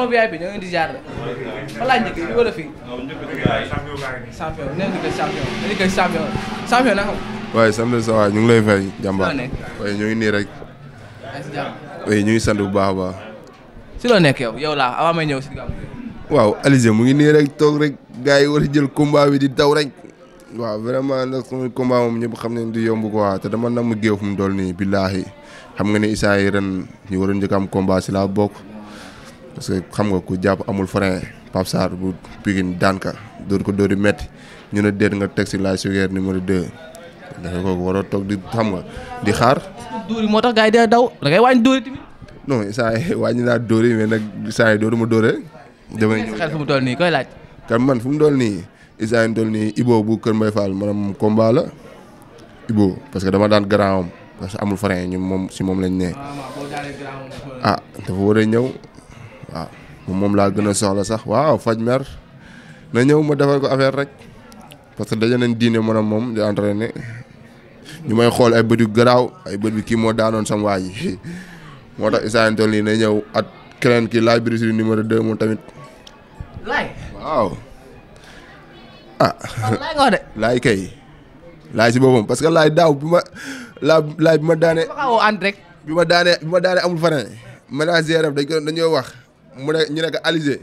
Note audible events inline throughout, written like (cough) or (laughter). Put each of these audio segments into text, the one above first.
salon VIP bi ñoo indi jaar de fa laa njëkk fii wala fii. champion nee nañu ko champion nee nañu ko champion champion na xam. waaye sant sa waay ñu ngi lay fay jàmbaar. waaye ñu ngi nii rek. waaye ñu ngi sant bu baax a baax. si loo nekk yow yow laa avant may ñëw si. waaw Alizé mu ngi nii rek toog rek gars yi war a jël combat bi di daw rek. waaw vraiment nag sama combat moom ñëpp xam nañ du yomb quoi te dama nam géew fu mu dool nii billaahi xam nga ne Issa yi ren ñu waroon njëkk am combat si laa bokk. parce que xam nga ku jàpp amul frein Pape Sarr bu Pikine daan ka dóor ko dóori metti ñu ne déet nga teg si Laye Souguère numéro 2 dafa kooku waroo toog di xam nga di xaar. dóor moo tax gars yi day daw da ngay wàññi dóor yi tamit. non saa yi (laughs) wàññi naa dóor yi mais nag saa yi dóoru ma dóoree. damay ñëw xel fu mu toll nii koy laaj. kan man fu mu toll nii Issa yi toll nii Ibo bu Kër Mbaye Fall maanaam combat la que dama daan grand parce que amul frein ñun moom si moom lañ ne. ah dafa war waaw ah, moom laa gën a soxla sax waaw faj mer na ñëw ma defar ko affaire rek parce que daje nañ diine man a moom di entraîné ñu may xool ay bët yu garaaw ay bët bi kii moo daanoon sama waa (laughs) moo tax Issa Anthony lii na ñëw at keneen kii laaj brisiri numéro 2 moom tamit. laay waaw. ah laay nga (laughs) parce que laay daaw bi ma laa laay ma daanee. bi ma daanee bi ma daanee amul fane. ménagère dañ ko dañoo wax. mu ne ñu ne alise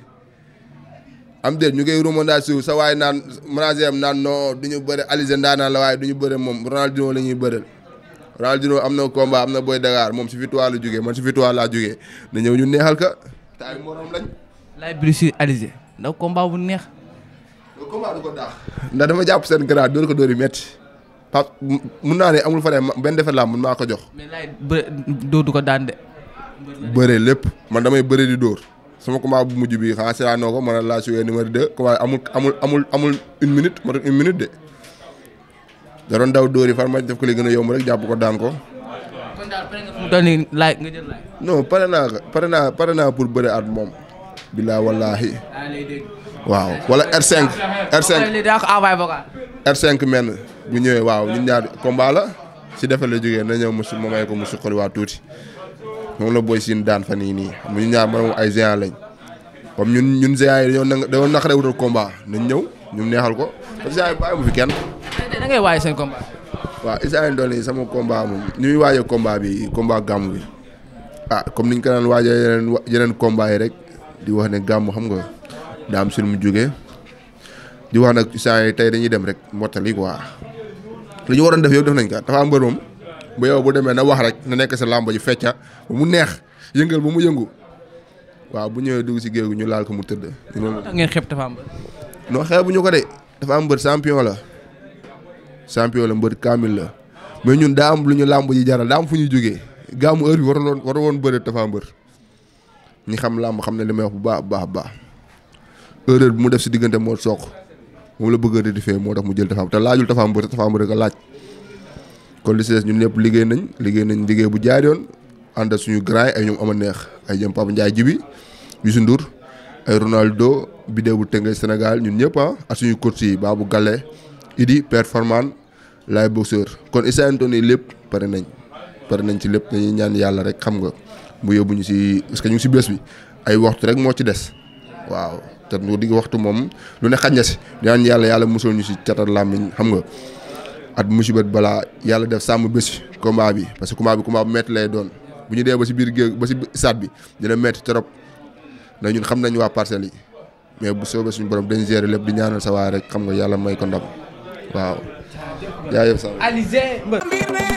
am déet ñu koy remontage sa waaye naan manager am naan non du ñu bëre Alizé ndaanaan la waaye du ñu bëre moom Ronaldinho la ñuy bëreel Ronaldinho am na combat am na Boy Dakar moom si victoire la jógee man si victoire laa jógee na ñëw ñu neexal ka taay morom lañ. ndax combat bu ko daax. ndax dama jàpp seen garaat dóor ko door yi métti Pape mun naa ne amul feneen benn defet laa mun maa ko jox. mais laay bë du ko daan de. bëre lépp man damay bëre di door sama combat bu mujj bi xanaa seetaanoo ko man laa suwee numéro 2 combat amul amul amul amul une minute ma doon une minute de. da doon daw dóor yi far ma def ko li gën a yomb rek jàpp ko daan ko. kon daal pare pare naa pare naa pour bëri at moom. bilaa wallaahi. waaw wala R5. R5 R5 men bu ñëwee waaw ñun ñaar combat la si defal la jógee na ñëw mu su ma may ko mu suqaliwaat tuuti. moom la Boy Sine daan fa nii nii xam nga ñun ñaar moom ay géant lañ kom ñun ñun géant yi dañoo na dañoo naqaree wutal combat nañ ñëw ñu neexal ko parce que géant yi bàyyi mu fi kenn. da ngay waaye seen combat. waaw Issa doon yi sama combat moom ni muy bi combat gàmm bi ah comme ni ko daan waajee yeneen yi rek di wax ne gàmm xam nga daa am mu jógee di wax nag Issa tey dañuy dem rek mottali quoi li ñu waroon def yow def nañ ko dafa am mbër moom. bu yow bu demee na wax rek na nekk sa làmba ji fecca ba mu neex yëngal ba mu yëngu waaw bu ñëwee dugg si géew gi ñu laal ko mu tëdd. tax ngeen xeeb dafa am bër. non xeebu ñu ko de dafa am bër champion la champion la mbër kaamil la mais ñun daa am lu ñu làmb ji jaral daa am fu ñu jógee gàmmu heure bi waroon waroon woon bëre dafa am ñi xam làmb xam ne li may wax bu baax baax baax erreur bi mu def si diggante moo soog moom la bëgg a rectifier moo tax mu jël dafa am te laajul dafa am bër dafa am bër nga laaj. kon li si des ñun ñëpp liggéey nañ liggéey nañ liggéey bu jaar yoon ànd suñu grand ay ñoom am a neex ay jëm Papa Ndiaye Jibi Youssou Ndour ay Ronaldo bidéo bu tëngay Sénégal ñun ñëpp ah ak suñu coach yi Babou Galle Idi performant lay boxeur kon Issa yi lépp pare nañ pare nañ ci lépp dañuy ñaan yàlla rek xam nga mu yóbbu ñu si parce que ñu si bés bi ay waxtu rek moo ci des waaw te di waxtu moom lu ne xaj na si ñaan yàlla yàlla musul ñu si catal làmmiñ xam nga at musibat balaa yàlla def sàmm bés combat bi parce que combat bi combat bu métti lay doon bu ñu dee ba si biir géej ba si stade bi dina métti trop ndax ñun xam nañ waa parcelle yi mais bu soobee suñu borom dañ gérer lépp di ñaanal sa waay rek xam nga yàlla may ko ndam waaw jaajëf sa